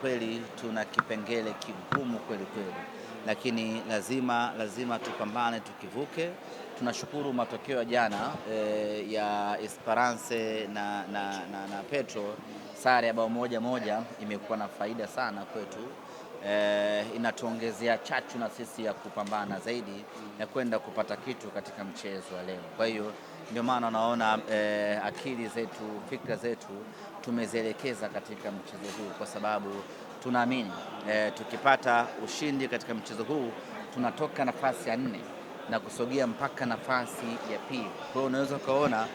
kweli tuna kipengele kigumu kweli kweli, lakini lazima lazima tupambane tukivuke. Tunashukuru matokeo ya jana e, ya Esperance na, na, na, na Petro sare ya bao moja moja imekuwa na faida sana kwetu eh, inatuongezea chachu na sisi ya kupambana zaidi ya kwenda kupata kitu katika mchezo wa leo. Kwa hiyo ndio maana unaona eh, akili zetu, fikra zetu tumezielekeza katika mchezo huu kwa sababu tunaamini eh, tukipata ushindi katika mchezo huu tunatoka nafasi ya nne na kusogea mpaka nafasi ya pili. Kwa hiyo unaweza ukaona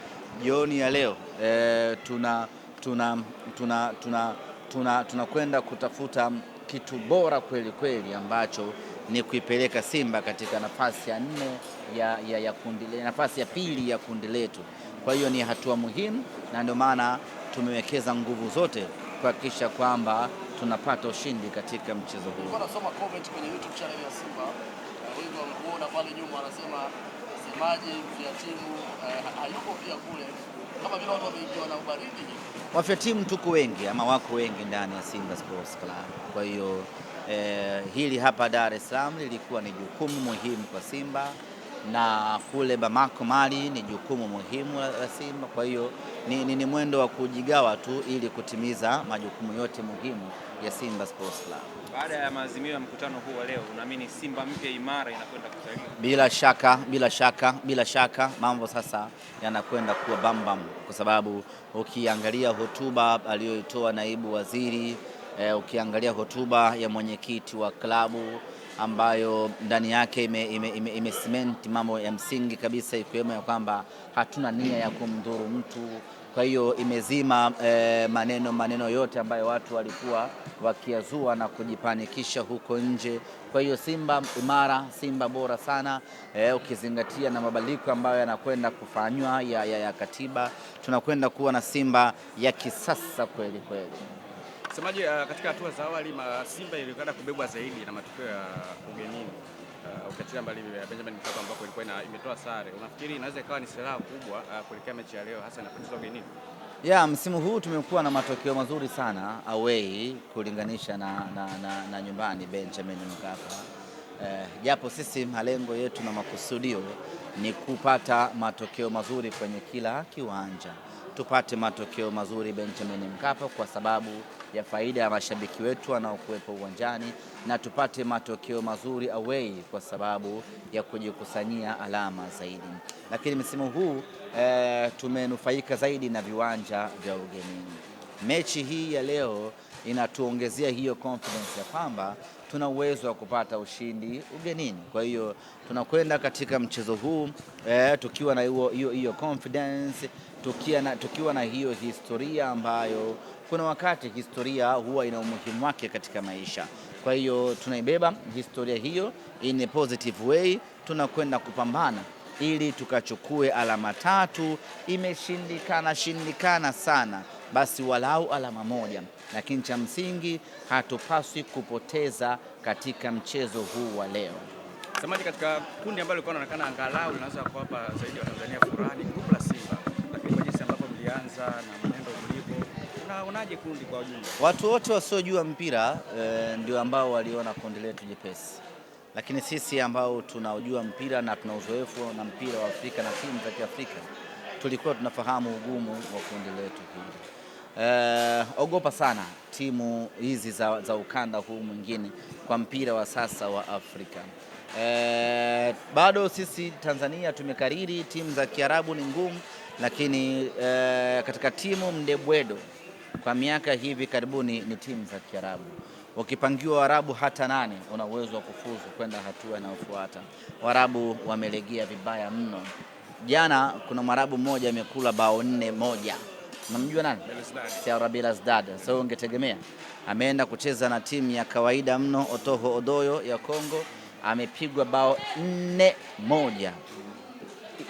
jioni ya leo eh, tuna tunakwenda tuna, tuna, tuna, tuna kutafuta kitu bora kweli kweli ambacho ni kuipeleka Simba katika nafasi ya nne ya, ya, ya kundi, nafasi ya pili ya kundi letu. Kwa hiyo ni hatua muhimu, na ndio maana tumewekeza nguvu zote kuhakikisha kwamba tunapata ushindi katika mchezo huu. Nasoma comment kwenye YouTube channel ya Simba, eh, wengi wamekuona pale nyuma wanasema maji ya timu eh, hayuko pia kule kama vile watu wameingia na ubaridi Wafia timu tuko wengi ama wako wengi ndani ya Simba Sports Club, kwa hiyo eh, hili hapa Dar es Salaam lilikuwa ni jukumu muhimu kwa Simba na kule Bamako Mali ni jukumu muhimu la Simba. Kwa hiyo ni, ni, ni mwendo wa kujigawa tu ili kutimiza majukumu yote muhimu ya Simba Sports Club. Baada ya maazimio ya mkutano huu wa leo, unaamini Simba mpya imara inakwenda kuzaliwa? Bila shaka, bila shaka, bila shaka mambo sasa yanakwenda kuwa bambam, kwa sababu ukiangalia hotuba aliyoitoa naibu waziri eh, ukiangalia hotuba ya mwenyekiti wa klabu ambayo ndani yake imesimenti ime, ime, ime mambo ya msingi kabisa ikiwemo ya kwamba hatuna nia ya kumdhuru mtu. Kwa hiyo imezima eh, maneno maneno yote ambayo watu walikuwa wakiazua na kujipanikisha huko nje. Kwa hiyo Simba imara, Simba bora sana eh, ukizingatia na mabadiliko ambayo yanakwenda kufanywa ya, ya, ya katiba, tunakwenda kuwa na Simba ya kisasa kweli kweli. Msemaji, uh, katika hatua za awali Simba ilionekana kubebwa zaidi na matokeo ya ugenini uh, ukiachilia mbali Benjamin Mkapa ambako ilikuwa imetoa sare. Unafikiri inaweza ikawa ni silaha kubwa uh, kuelekea mechi ya leo hasa inapocheza ugenini? Yeah, msimu huu tumekuwa na matokeo mazuri sana away kulinganisha na, na, na, na nyumbani Benjamin Mkapa uh, japo uh, sisi malengo yetu na makusudio ni kupata matokeo mazuri kwenye kila kiwanja tupate matokeo mazuri Benjamin Mkapa kwa sababu ya faida ya mashabiki wetu wanaokuwepo uwanjani na tupate matokeo mazuri away kwa sababu ya kujikusanyia alama zaidi. Lakini msimu huu e, tumenufaika zaidi na viwanja vya ugenini. Mechi hii ya leo inatuongezea hiyo confidence ya kwamba tuna uwezo wa kupata ushindi ugenini. Kwa hiyo tunakwenda katika mchezo huu e, tukiwa na hiyo confidence tukiwa na, tukiwa na hiyo historia ambayo kuna wakati historia huwa ina umuhimu wake katika maisha. Kwa hiyo tunaibeba historia hiyo in a positive way, tunakwenda kupambana ili tukachukue alama tatu. Imeshindikana shindikana sana, basi walau alama moja, lakini cha msingi hatupaswi kupoteza katika mchezo huu wa leo. samaji katika kundi ambalo lilikuwa linaonekana angalau linaweza kuwapa zaidi wa Tanzania furaha ni group la C kundi kwa jinsi ambavyo mlianza na mwenendo mlipo, unaonaje kundi kwa ujumla? Watu wote wasiojua mpira e, ndio ambao waliona kundi letu jepesi, lakini sisi ambao tunaojua mpira na tuna uzoefu na mpira wa Afrika na timu za Kiafrika tulikuwa tunafahamu ugumu wa kundi letu hili. E, ogopa sana timu hizi za, za ukanda huu mwingine kwa mpira wa sasa wa Afrika. E, bado sisi Tanzania tumekariri timu za Kiarabu ni ngumu, lakini uh, katika timu Mdebwedo kwa miaka hivi karibuni ni timu za Kiarabu. Ukipangiwa Waarabu hata nane, una uwezo wa kufuzu kwenda hatua inayofuata. Waarabu wamelegea vibaya mno. Jana kuna Mwarabu mmoja amekula bao nne moja, namjua nani? Belazdad. Sasa so, ungetegemea ameenda kucheza na timu ya kawaida mno Otoho Odoyo ya Kongo, amepigwa bao nne moja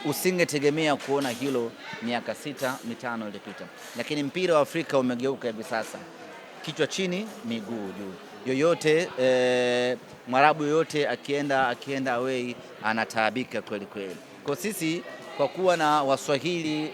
usingetegemea kuona hilo miaka sita mitano iliyopita, lakini mpira wa Afrika umegeuka hivi sasa, kichwa chini, miguu juu. Yoyote e, mwarabu yoyote akienda akienda awei anataabika kweli kweli. Kwa sisi kwa kuwa na waswahili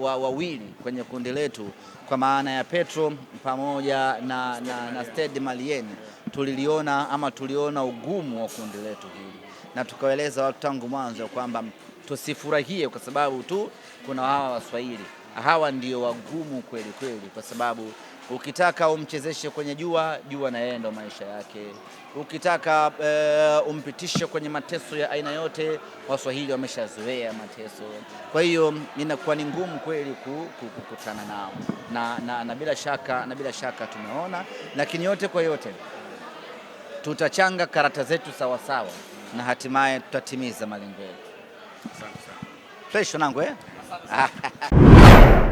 wawili wa, wa kwenye kundi letu kwa maana ya Petro pamoja na, na, na Stade Malien tuliliona ama tuliona ugumu wa kundi letu hili na tukawaeleza watu tangu mwanzo kwamba tusifurahie kwa sababu tu kuna hawa Waswahili. Hawa ndio wagumu kweli kweli, kwa sababu ukitaka umchezeshe kwenye jua, jua na yeye ndo maisha yake. Ukitaka uh, umpitishe kwenye mateso ya aina yote, Waswahili wameshazoea mateso. Kwa hiyo inakuwa ni ngumu kweli kukutana nao na, na, na bila shaka, na bila shaka tumeona, lakini yote kwa yote tutachanga karata zetu sawasawa na hatimaye tutatimiza malengo yetu. Eh? Asante sana. eh?